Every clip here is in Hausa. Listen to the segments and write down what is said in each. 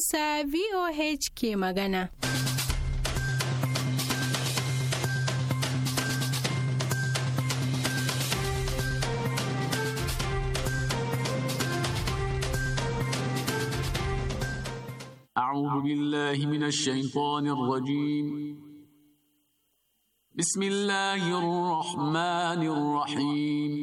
Hausa VOH ke magana. أعوذ بالله من الشيطان الرجيم بسم الله الرحمن الرحيم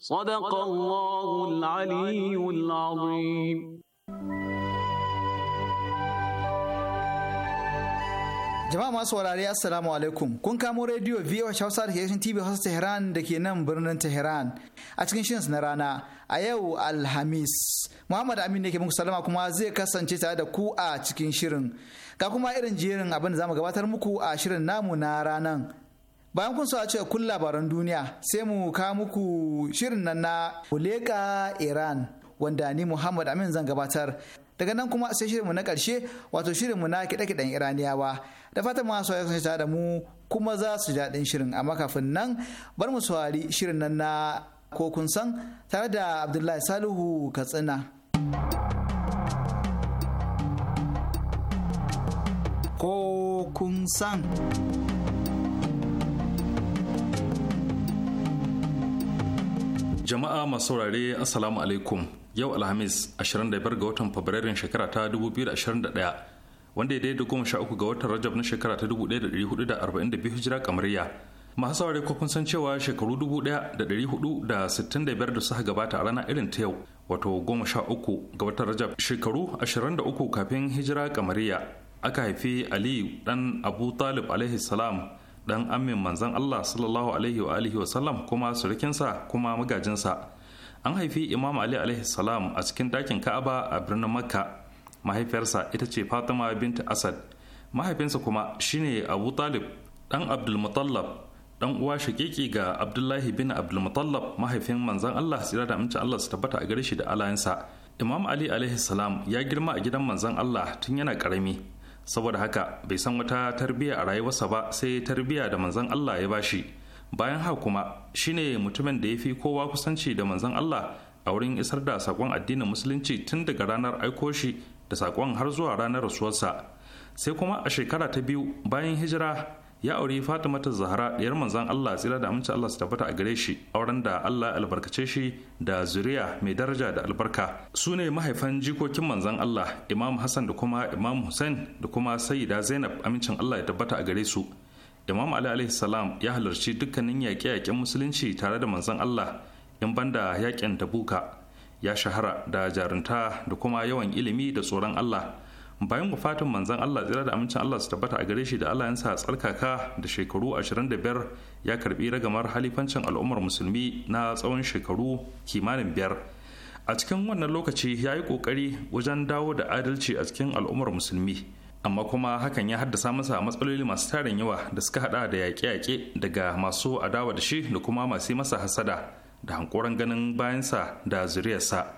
صدق الله العلي العظيم Jama'a masu warare Assalamu alaikum. Kun kamo rediyo VOH Hausa da ke TV Hausa Tehran da ke nan birnin Tehran a cikin shirin na rana a yau Alhamis. Muhammad Amin ne ke muku salama kuma zai kasance tare da ku a cikin shirin. Ga kuma irin jerin abin da zamu gabatar muku a shirin namu na ranan. bayan kun a cewa kun labaran duniya sai mu ka muku shirin nan na Kuleka Iran wanda ni Muhammad Amin zan gabatar daga nan kuma sai shirinmu na karshe wato shirinmu na kiɗe-kiɗen Iraniyawa da fatan masu sun kasance da mu kuma za su daɗin shirin amma kafin nan bar mu saurari shirin nan na ko kun san tare da Abdullahi Salihu Katsina. Ko kun san. Jama'a masu saurare Assalamu alaikum yau Alhamis 25 ga watan Fabrairun shekara ta 2021 wanda ya daidai goma sha uku ga watan Rajab na shekara ta 1442 hijira kamariya. Masu saurare ko kun san cewa shekaru 1465 da suka gabata a rana irin ta yau wato goma sha uku ga watan Rajab shekaru 23 kafin hijira kamariya aka haifi Ali dan Abu Talib alaihi salam dan amin Manzan Allah sallallahu alaihi wa alihi wa sallam kuma surukinsa kuma magajinsa an haifi imam ali alaihi salam a cikin dakin ka'aba a birnin makka mahaifiyarsa ita ce fatima bint asad mahaifinsa kuma shine abu talib dan abdulmutallab dan uwa shakiki ga abdullahi bin abdulmutallab mahaifin Manzan allah tsira da amince allah su tabbata a gare shi da alayensa imam ali alaihi salam ya girma a gidan Manzan allah tun yana karami saboda haka bai san wata tarbiyya a rayuwarsa ba sai tarbiyya da manzon Allah ya bashi bayan haka kuma shine mutumin da ya fi kowa kusanci da manzon Allah a wurin isar da sakon addinin musulunci tun daga ranar aiko shi da saƙon har zuwa ranar rasuwarsa sai kuma a shekara ta biyu bayan hijira ya auri fatima ta zahra ɗiyar manzon allah tsira da amince allah su tabbata a gare shi auren da allah albarkace shi da zuriya mai daraja da albarka su ne mahaifan jikokin manzon allah imam hassan da kuma imam hussein da kuma sayyida zainab amincin allah ya tabbata a gare su imam ali alaihi salam ya halarci dukkanin yaƙe-yaƙen musulunci tare da manzon allah in banda yaƙin tabuka ya shahara da jarunta da kuma yawan ilimi da tsoron allah bayan wafatin manzon Allah tsira da amincin Allah su tabbata a gare shi da Allah yansa tsarkaka da shekaru 25 ya karbi ragamar halifancin al'ummar musulmi na tsawon shekaru kimanin biyar a cikin wannan lokaci ya yi kokari wajen dawo da adalci a cikin al'ummar musulmi amma kuma hakan ya haddasa masa matsaloli masu tarin yawa da suka hada da yaƙe-yaƙe daga masu adawa da shi da kuma masu masa hasada da hankoran ganin bayansa da zuriyarsa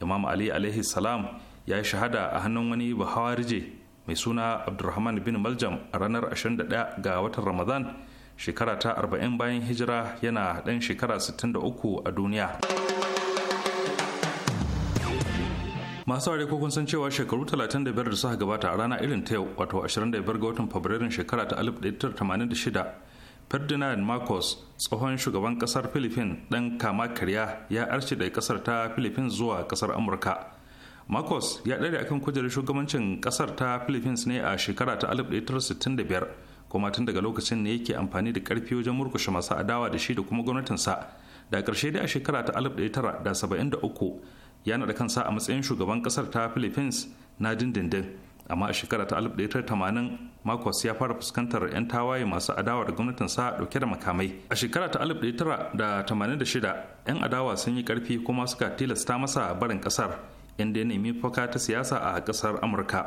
imam ali alaihi salam ya yi shahada a hannun wani bahawarije mai suna abdulrahman bin maljam a ranar 21 ga watan ramadan shekara ta 40 bayan hijira yana ɗan shekara 63 a duniya masu aure ko kun san cewa shekaru 35 da suka gabata a rana irin ta yau wato 25 ga watan fabrairun shekara ta 1986 ferdinand marcos tsohon shugaban kasar philippines ɗan kama karya ya arce da kasar ta philippines zuwa kasar amurka marcos ya ɗare akan kujerar shugabancin ƙasar ta philippines ne a shekara ta 1965 kuma tun daga lokacin ne yake amfani da ƙarfi wajen murkushe masu adawa da shi da kuma gwamnatinsa da ƙarshe dai a shekara ta 1973 ya naɗa kansa a matsayin shugaban ƙasar ta philippines na dindindin amma a shekara ta 1980 marcos ya fara fuskantar 'yan tawaye masu adawa da gwamnatinsa dauke da makamai a shekara ta 1986 'yan adawa sun yi karfi kuma suka tilasta masa barin kasar inda ya nemi ta siyasa a ƙasar amurka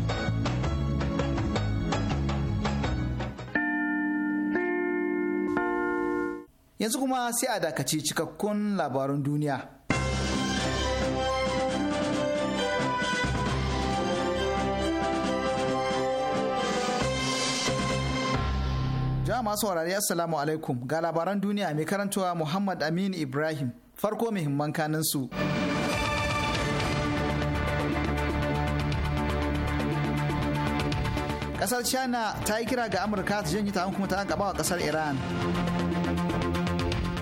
yanzu kuma sai a dakaci cikakkun labarun duniya. jama'a masu warare assalamu alaikum ga labaran duniya mai karantowa muhammad Aminu ibrahim farko muhimman kanin su kasar china ta yi kira ga amurka ta janye ta kuma ta gaba wa ƙasar iran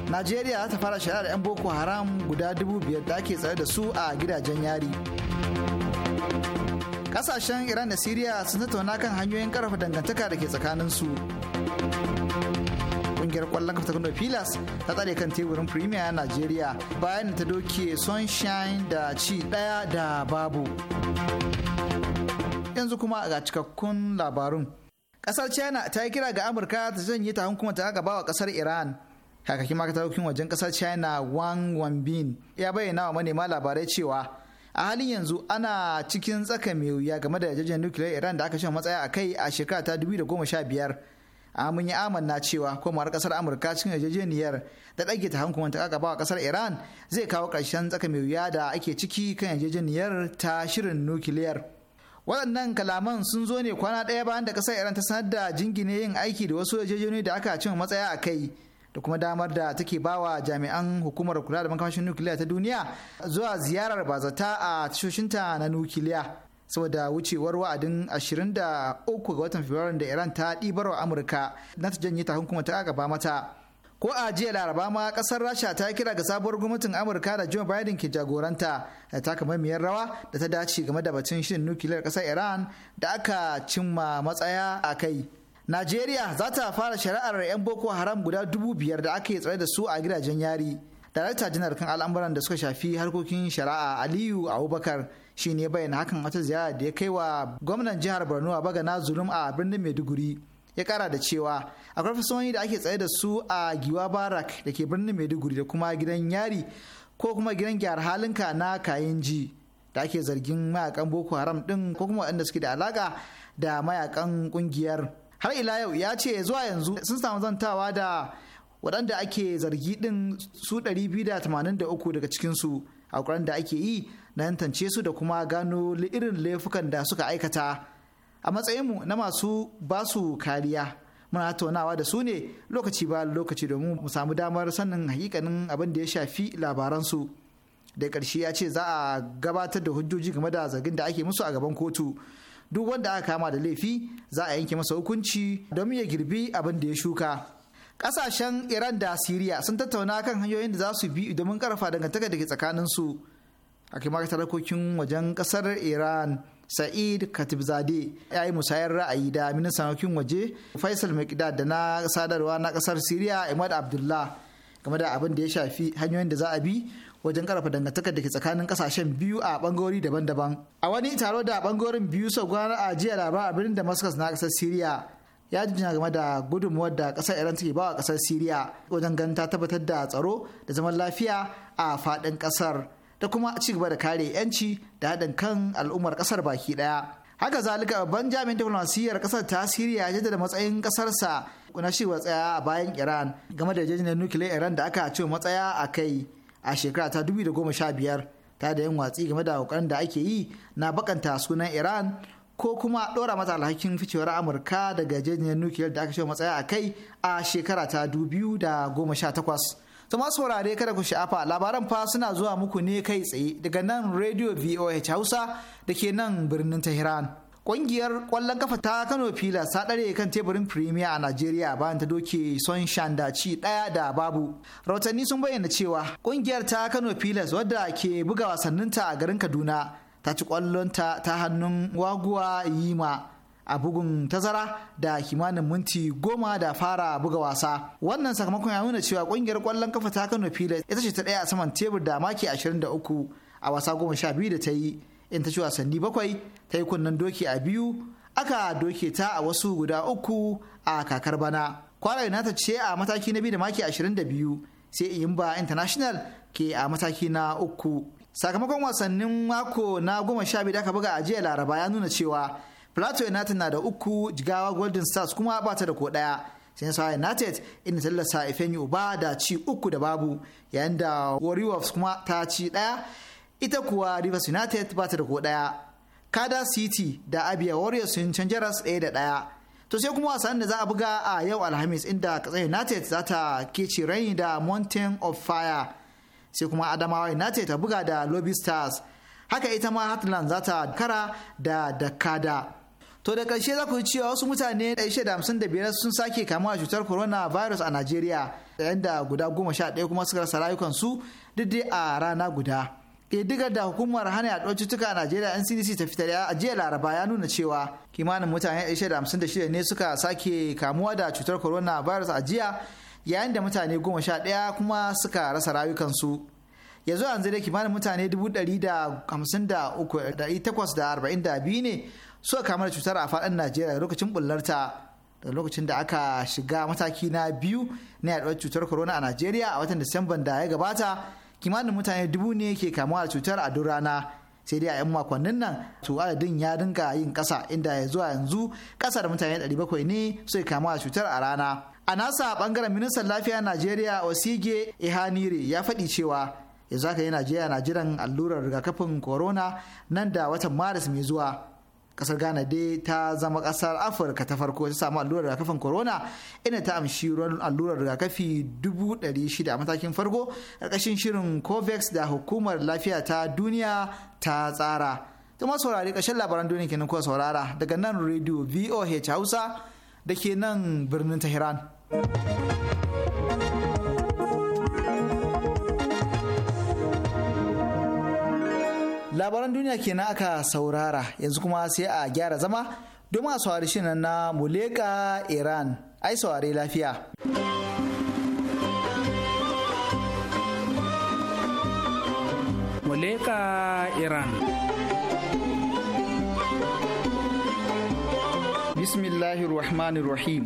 najeriya za ta fara shari'ar 'yan boko haram guda dubu biyar da ake tsare da su a gidajen yari kasashen iran da siriya sun tattauna kan hanyoyin karfa dangantaka da ke tsakanin su kungiyar kwallon kafa ta filas ta tsare kan teburin premier najeriya bayan ta doke sunshine da ci daya da babu yanzu kuma ga cikakkun labarun kasar china ta yi kira ga amurka ta janye ta hukumar ta gaba wa kasar iran kakakin makatarokin wajen kasar china wang wanbin ya bayyana wa manema labarai cewa a halin yanzu ana cikin tsaka mai wuya game da yarjejeniyar nukiliyar iran da aka shan matsaya a kai a shekara ta 2015 amin ya amanna cewa komawar kasar amurka cikin yarjejeniyar da ɗage ta hankuman ta kakaba kasar iran zai kawo ƙarshen tsaka mai wuya da ake ciki kan yarjejeniyar ta shirin nukiliyar waɗannan kalaman sun zo ne kwana ɗaya bayan da kasar iran ta sanar da jingine yin aiki da wasu yarjejeniyoyi da aka cin matsaya a kai da kuma damar da take bawa jami'an hukumar kula da makamashin nukiliya ta duniya zuwa ziyarar bazata a tashoshinta na nukiliya saboda wucewar wa'adin 23 ga watan fabrairu da iran ta ɗibar wa amurka na ta janye ta kuma ta gaba mata ko a jiya laraba ma kasar rasha ta kira ga sabuwar gwamnatin amurka da joe biden ke jagoranta da taka mamiyar rawa da ta dace game da batun shirin nukiliyar kasar iran da aka cimma matsaya a kai Najeriya za ta fara shari'ar 'yan Boko Haram guda dubu biyar da aka yi tsare da su a gidajen yari. Darakta janar kan al'amuran da suka shafi harkokin shari'a Aliyu Abubakar shi ne bayyana hakan wata ziyara da ya kai wa gwamnan jihar Borno a Bagana Zulum a birnin Maiduguri. Ya kara da cewa akwai fasoni da ake tsaye da su a Giwa Barak da ke birnin Maiduguri da kuma gidan yari ko kuma gidan gyara halinka na kayan ji da ake zargin mayakan Boko Haram din ko kuma waɗanda suke da alaka da mayakan kungiyar. har ila yau ya ce zuwa yanzu sun samu zantawa da waɗanda ake zargi ɗin su 283 daga cikinsu a da ake yi na yantance su da kuma gano irin laifukan da suka aikata a matsayinmu na masu basu kariya muna tattaunawa da su ne lokaci ba lokaci domin mu samu damar sanin hakikanin abin da ya shafi labaransu da ƙarshe ya ce za a gabatar da hujjoji game da zargin da ake musu a gaban kotu duk wanda aka kama da laifi za a yanke masa hukunci don ya girbi abin da ya shuka ƙasashen iran da siriya sun tattauna kan hanyoyin da za su bi domin karfa dangantaka da ke tsakanin su a kimar harkokin wajen kasar iran sa'id katibzade ya yi musayar ra'ayi da ministan harkokin waje faisal mcdad da na sadarwa na ƙasar siriya Ahmad abdullah game da abin da ya shafi hanyoyin da za a bi wajen karfa dangantakar da ke tsakanin kasashen biyu a bangarori daban-daban a wani taro da bangarorin biyu sau gwana a jiya labar a birnin damascus na kasar syria ya ji game da gudunmuwar da kasar iran take bawa kasar syria wajen ganin ta tabbatar da tsaro da zaman lafiya a faɗin kasar Ta kuma ci gaba da kare 'yanci da haɗin kan al'ummar kasar baki ɗaya haka zalika babban jami'in diplomasiyyar kasar ta siriya ya jaddada matsayin kasarsa na shi tsaya a bayan iran game da yarjejeniyar nukiliyar iran da aka ce matsaya a kai a shekara ta 2015 ta da yin watsi game da kokarin da ake yi na bakanta sunan iran ko kuma ɗora mata alhakin ficewar amurka daga jajiyar nukiliyar da aka shi matsaya a kai a shekara ta 2018 to masu saurare kada ku sha'afa labaran fa suna zuwa muku ne kai tsaye daga nan radio voh hausa da ke nan birnin tehran Ƙungiyar kwallon kafa ta Kano Fila ta ɗare kan teburin Premier a Najeriya bayan ta doke son shandaci ɗaya da babu. Rahotanni sun bayyana cewa ƙungiyar ta Kano Pilas wadda ke buga wasannin ta a garin Kaduna ta ci kwallon ta ta hannun Waguwa Yima a bugun tazara da kimanin minti goma da fara buga wasa. Wannan sakamakon ya nuna cewa ƙungiyar kwallon kafa ta Kano Pilas ita ce ta ɗaya a saman tebur da maki ashirin da uku a wasa goma sha biyu da ta yi. in ta ci wasanni bakwai ta yi kunnen doki a biyu aka doke ta a wasu guda uku a kakar bana kwara united ce a mataki na biyu da maki 22 sai iyimba international ke a mataki na uku sakamakon wasannin mako na goma sha biyu da aka buga a laraba ya nuna cewa plateau united na da uku jigawa golden stars kuma ba ta da ko daya sai sa united inda tallasa ifeanyi ba da ci uku da babu yayin da warriors kuma ta ci daya ita kuwa Rivers United ba ta da ko ɗaya. Kada City da Abia Warriors sun canja ras ɗaya da ɗaya. To sai kuma wasan da za a buga a yau Alhamis inda Katsina United za ta kece raini da Mountain of Fire. Sai kuma Adamawa United ta buga da Lobby Stars. Haka ita ma Hatland za ta kara da Dakada. To da ƙarshe za ku ji cewa wasu mutane 155 sun sake kamuwa cutar corona virus a Najeriya, yayin da guda 11 kuma suka rasa rayukansu duk dai a rana guda. kidigar da hukumar hana yaduwar cutuka a najeriya ncdc ta fitar a jiya laraba ya nuna cewa kimanin mutane 156 ne suka sake kamuwa da cutar corona virus a jiya yayin da mutane 11 kuma suka rasa rayukansu yanzu an zai kimanin mutane 153,842 ne suka kama da cutar a faɗin najeriya lokacin bullarta da lokacin da aka shiga mataki na biyu na yaduwar cutar corona a najeriya a watan disamban da ya gabata kimanin mutane dubu ne ke kamuwa da cutar a duk rana sai dai a 'yan makonnin nan to adadin ya dinga yin kasa inda ya zuwa yanzu kasa da mutane 700 ne sai kamuwa da cutar a rana a nasa bangaren ministan lafiya najeriya osige ihanire ya faɗi cewa yanzu haka yi najeriya na jiran allurar rigakafin corona nan da watan maris mai zuwa kasar ghana dai ta zama kasar afirka ta farko ta samu allurar rigakafin corona inda ta amshi allurar rigakafi dubu shida a matakin farko karkashin shirin covax da hukumar lafiya ta duniya ta tsara ta ma saurari ƙarshen labaran duniya kenan kuwa saurara daga nan radio voh hausa da ke nan birnin tehran labaran duniya kenan aka saurara yanzu kuma sai a gyara zama domin a saurari shirin na muleka iran ai saurari lafiya muleka iran bismillahir rahmanir rahim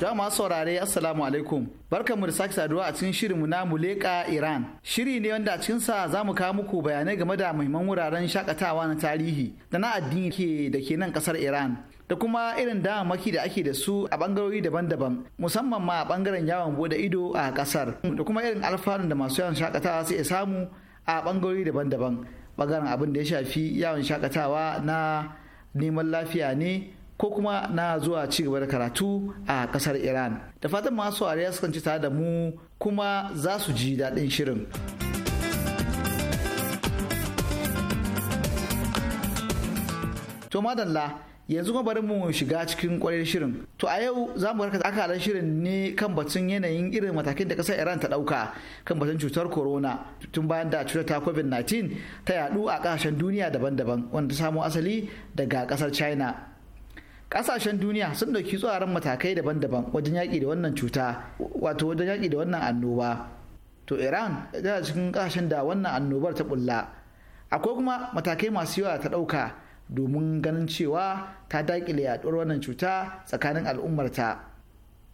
Jama'a masu saurare Assalamu alaikum. Barkanmu da sake saduwa a cikin shirinmu na Muleka Iran. Shiri ne wanda a cikinsa za mu kawo muku bayanai game da muhimman wuraren shakatawa na tarihi da na addini ke da ke nan kasar Iran. Da kuma irin damammaki da ake da su a bangarori daban-daban musamman ma a bangaren yawon bude ido a kasar da kuma irin alfanun da masu yawon shakatawa sai samu a bangarori daban-daban bangaren abin da ya shafi yawon shakatawa na neman lafiya ne ko kuma na zuwa ci gaba da karatu a kasar Iran. Da fatan masu ariya sukan ci tare da mu kuma za su ji daɗin shirin. To madalla yanzu kuma bari mu shiga cikin kwarar shirin. To a yau za mu karkata akalar shirin ne kan batun yanayin irin matakin da kasar Iran ta ɗauka kan batun cutar corona tun bayan da cutar ta COVID-19 ta yadu a ƙasashen duniya daban-daban wanda ta samo asali daga ƙasar China. kasashen duniya sun dauki tsoron matakai daban-daban wajen yaƙi da wannan cuta wato wajen yaƙi da wannan annoba to iran a cikin kasashen da wannan annobar ta bulla akwai kuma matakai masu yawa ta ɗauka domin ganin cewa ta daƙile yaɗuwar wannan cuta tsakanin al'ummarta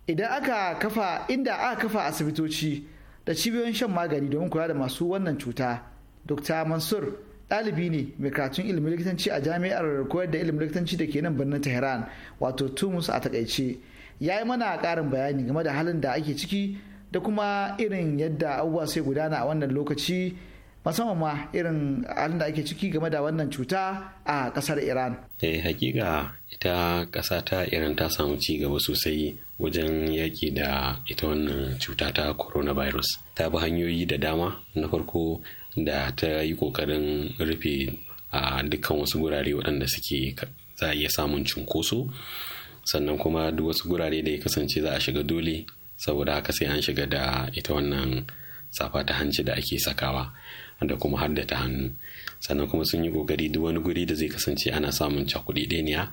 idan aka kafa inda aka kafa asibitoci da cibiyoyin shan magani domin kula da masu wannan cuta dr mansur ɗalibi ne mai karatun ilimin likitanci a jami'ar koyar da ilimin likitanci da ke nan birnin tehran wato tumus a takaice ya yi mana ƙarin bayani game da halin da ake ciki da kuma irin yadda abubuwa sai gudana a wannan lokaci musamman ma irin halin da ake ciki game da wannan cuta a ƙasar iran eh hakika ita ƙasa ta iran ta samu ci gaba sosai wajen yaƙi da ita wannan cuta ta coronavirus ta bi hanyoyi da dama na farko da ta yi ƙoƙarin rufe a dukkan wasu gurare waɗanda suke za a iya samun cunkoso sannan kuma duk wasu gurare da ya kasance za a shiga dole saboda haka sai an shiga da ita wannan safa ta hanci da ake sakawa da kuma har ta hannu sannan kuma sun yi ƙoƙari duk wani guri da zai kasance ana samun cakuɗi ɗaya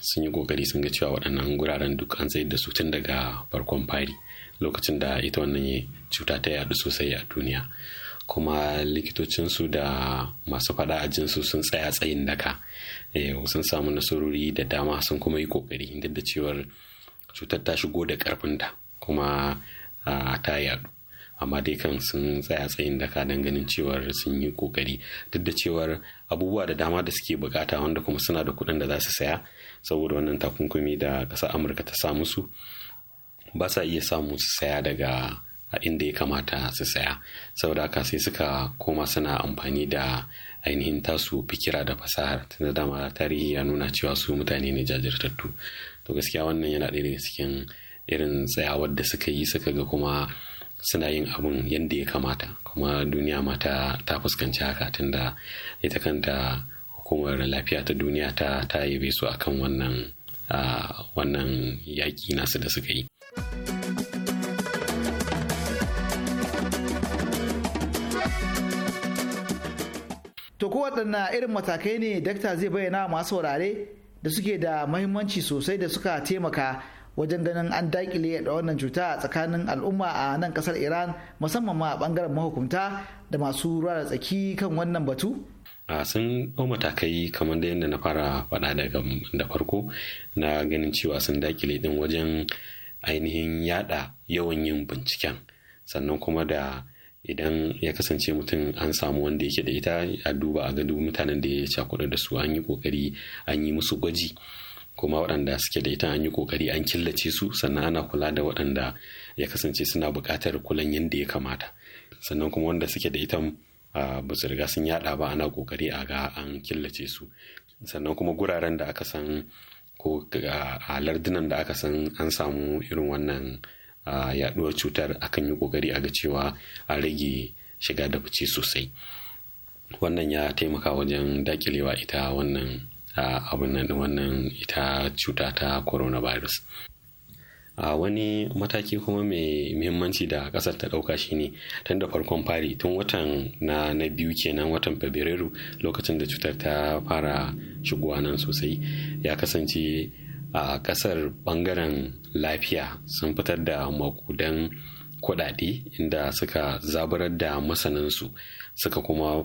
sun yi kokari sun ga cewa waɗannan guraren duk an tsayar da su tun daga farkon fari lokacin da ita wannan cuta ta yaɗu sosai a duniya kuma likitocinsu da masu fada a jinsu sun tsaya tsayin daka eh, sun samu nasarori da dama sun kuma yi kokari duk da cewar cutar ta shigo da karfinta kuma ah, ta yaɗu amma dai kan sun tsaya tsayin daka don ganin cewar sun yi kokari duk da cewar abubuwa da dama da suke bukata wanda kuma suna da kuɗin da za su saya saboda wannan takunkumi da ƙasa amurka ta sa musu ba sa iya samu su saya daga a inda ya kamata su saya saboda haka sai suka koma suna amfani da ainihin tasu fikira da fasahar da dama tarihi ya nuna cewa su mutane ne jajirtattu to gaskiya wannan yana ɗaya daga cikin irin tsayawar da suka yi suka ga kuma suna yin abun yadda ya kamata kuma duniya ma ta fuskanci haka tun da ita kanta hukumar lafiya ta duniya ta ta yabe su akan wannan wannan yaƙi nasu da suka yi. To ko waɗanna irin matakai ne dakta zai bayyana masu wurare da suke da mahimmanci sosai da suka taimaka wajen ganin an dakile da wannan cuta a tsakanin al'umma a nan kasar iran musamman ma a bangaren mahukunta da masu ruwa da tsaki kan wannan batu a sun ɗau matakai kamar da yadda na fara faɗa daga da farko na ganin cewa sun dakile din wajen ainihin yada yawan yin binciken sannan kuma da idan ya kasance mutum an samu wanda yake da ita a duba a gado mutanen da ya cakuɗa da su an yi kokari an yi musu gwaji kuma waɗanda suke da ita an yi ƙoƙari an killace su sannan ana kula da waɗanda ya kasance suna buƙatar kulan yadda ya kamata sannan kuma wanda suke da ita ba su riga sun yaɗa ba ana ƙoƙari a ga an killace su sannan kuma guraren da aka san ko a lardunan da aka san an samu irin wannan yaɗuwar cutar akan yi ƙoƙari a ga cewa a rage shiga da fice sosai wannan ya taimaka wajen dakilewa ita wannan abin nan wannan ita cuta ta coronavirus a wani mataki kuma mai muhimmanci da kasar ta dauka shine tun da farkon fari tun watan na na biyu kenan watan fabrairu lokacin da cutar ta fara shigowa nan sosai ya kasance a kasar bangaren lafiya sun fitar da makudan kuɗaɗe inda suka zaburar da masanansu suka kuma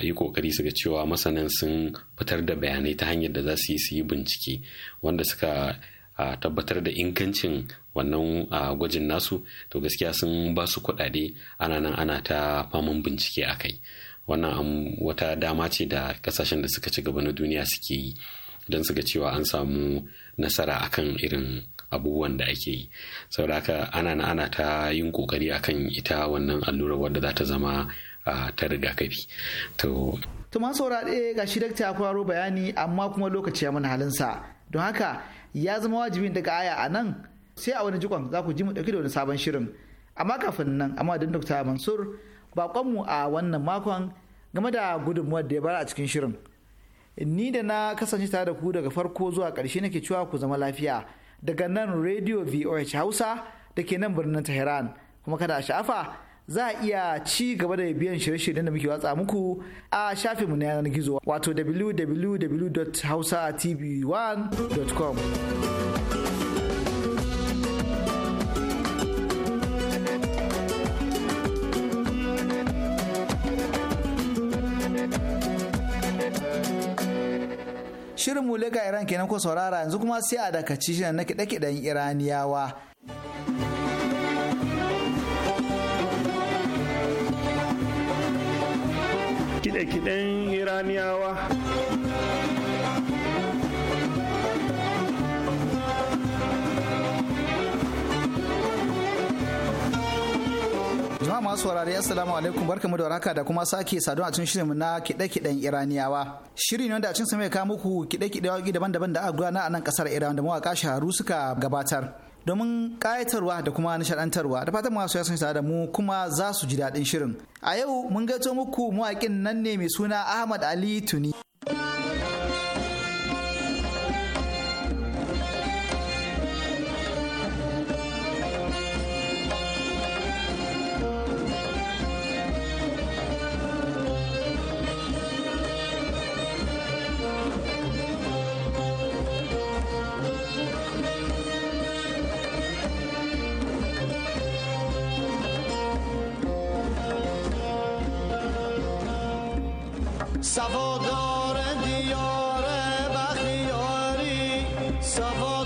yi kokari suka cewa masanan sun fitar da bayanai ta hanyar da za su yi su yi bincike wanda suka tabbatar da ingancin wannan gwajin nasu to gaskiya sun ba su kuɗaɗe ana nan ana ta faman bincike a kai wannan wata dama ce da ƙasashen da suka ci gaba na duniya suke yi don suka cewa an samu nasara akan irin abubuwan da ake yi sauraka ana na ana ta yin kokari akan ita wannan allurar wadda za ta zama ta rigakafi to tuma ɗaya ga shi dakta ya kwaro bayani amma kuma lokaci ya mana halinsa don haka ya zama wajibin daga aya a nan sai a wani jikon za ku ji mu ɗauki da wani sabon shirin amma kafin nan amma don dokta mansur bakonmu a wannan makon game da gudunmuwar da ya bar a cikin shirin ni da na kasance tare da ku daga farko zuwa ƙarshe nake cewa ku zama lafiya daga nan radio voh hausa da ke nan birnin tehran kuma kada a sha'afa za a iya ci gaba da biyan shirye-shiryen da muke watsa muku a mu na yanar gizo wato www.hausatv1.com mu leka iran kenan ko saurara yanzu kuma sai a dakaci shi na kiɗe-kiɗen iraniyawa kiɗe-kiɗen iraniyawa masu warare assalamu alaikum barkamu da waraka da kuma sake saduwa a cikin shirin na kide-kiden Iraniyawa. Shiri ne wanda a cikin sa mai kawo muku kide-kide waki daban-daban da aka gudana a nan kasar Iran da mawaka shaharu suka gabatar. Domin kayatarwa da kuma nishadantarwa da fatan masu yasan sa da mu kuma za su ji daɗin shirin. A yau mun gaito muku mawaƙin nan ne mai suna Ahmad Ali Tuni. دیار دیار بخیاری سوار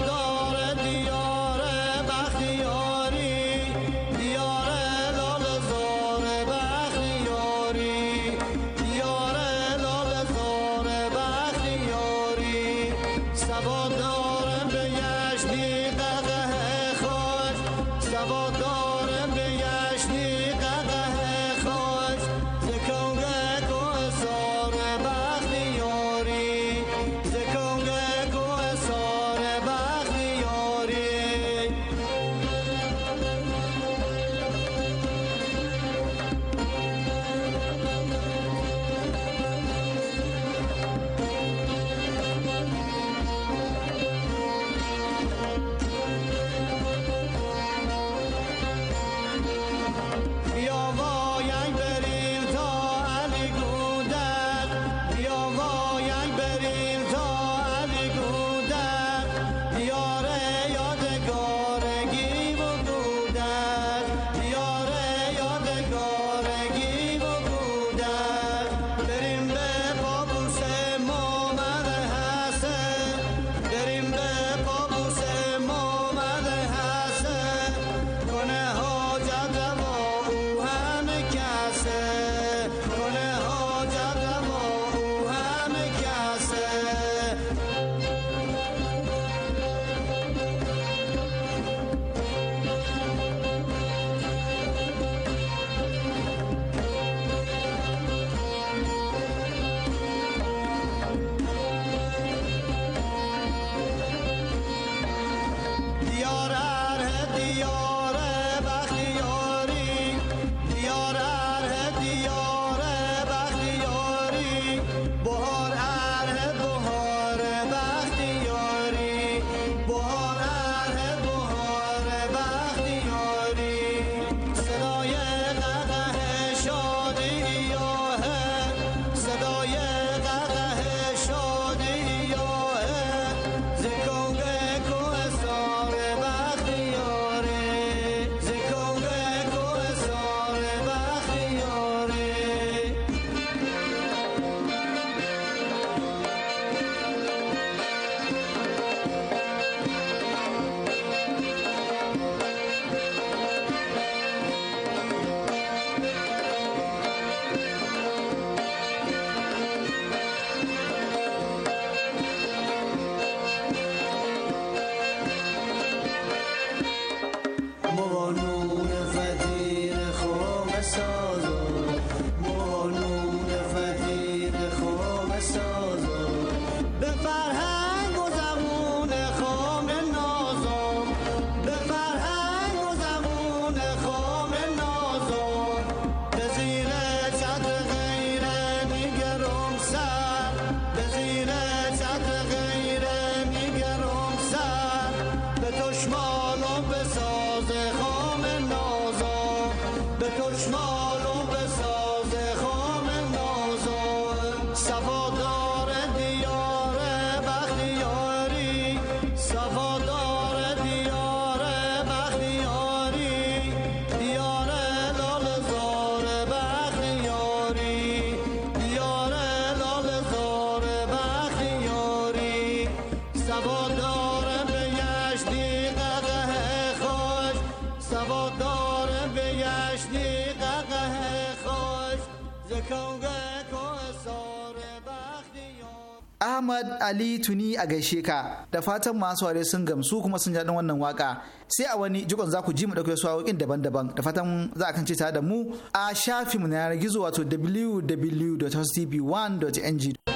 Ahmad Ali Tuni a gaishe ka da fatan masu ware sun gamsu kuma sun jaɗin wannan waka sai a wani jikon za ku ji mu ɗauke su waƙoƙin daban-daban da fatan za a kan ce ta da mu a shafinmu na yanar gizo wato www.hostv1.ng.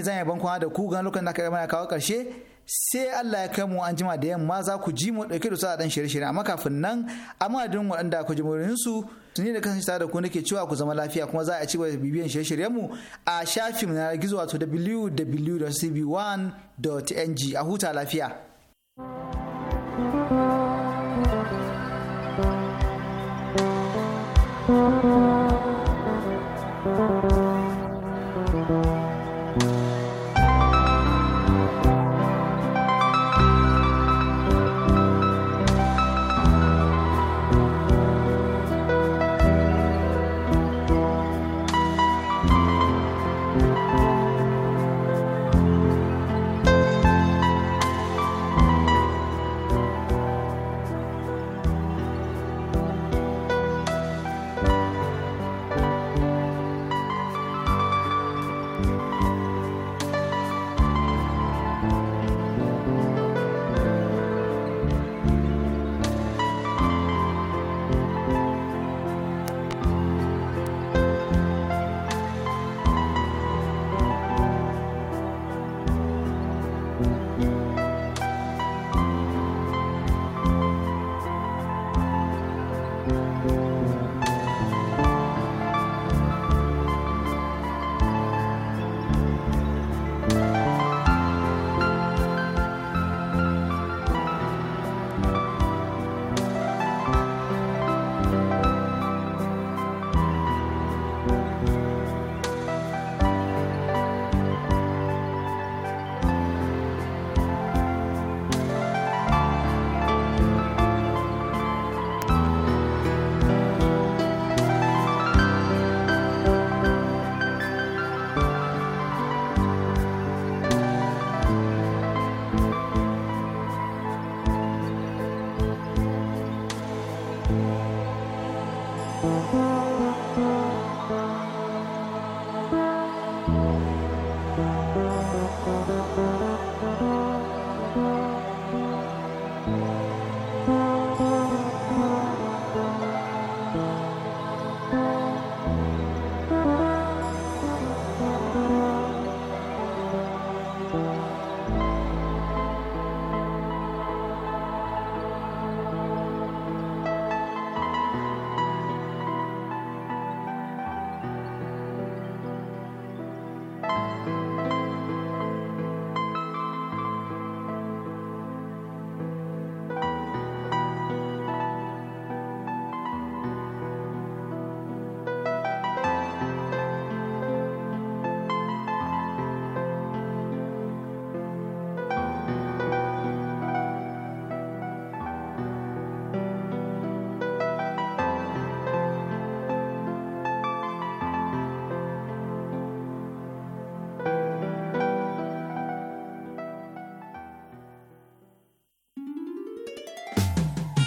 ne zan yi bankwana da ku gan lokacin da aka mana kawo karshe sai Allah ya kai mu an jima da yamma za ku ji mu dauke da su a dan shirye-shirye amma kafin nan amma dun wadanda ku ji murin su su ne da kasance da ku nake cewa ku zama lafiya kuma za a ci gaba da bibiyan shirye-shiryen mu a shafin na gizo wato www.cb1.ng a huta lafiya.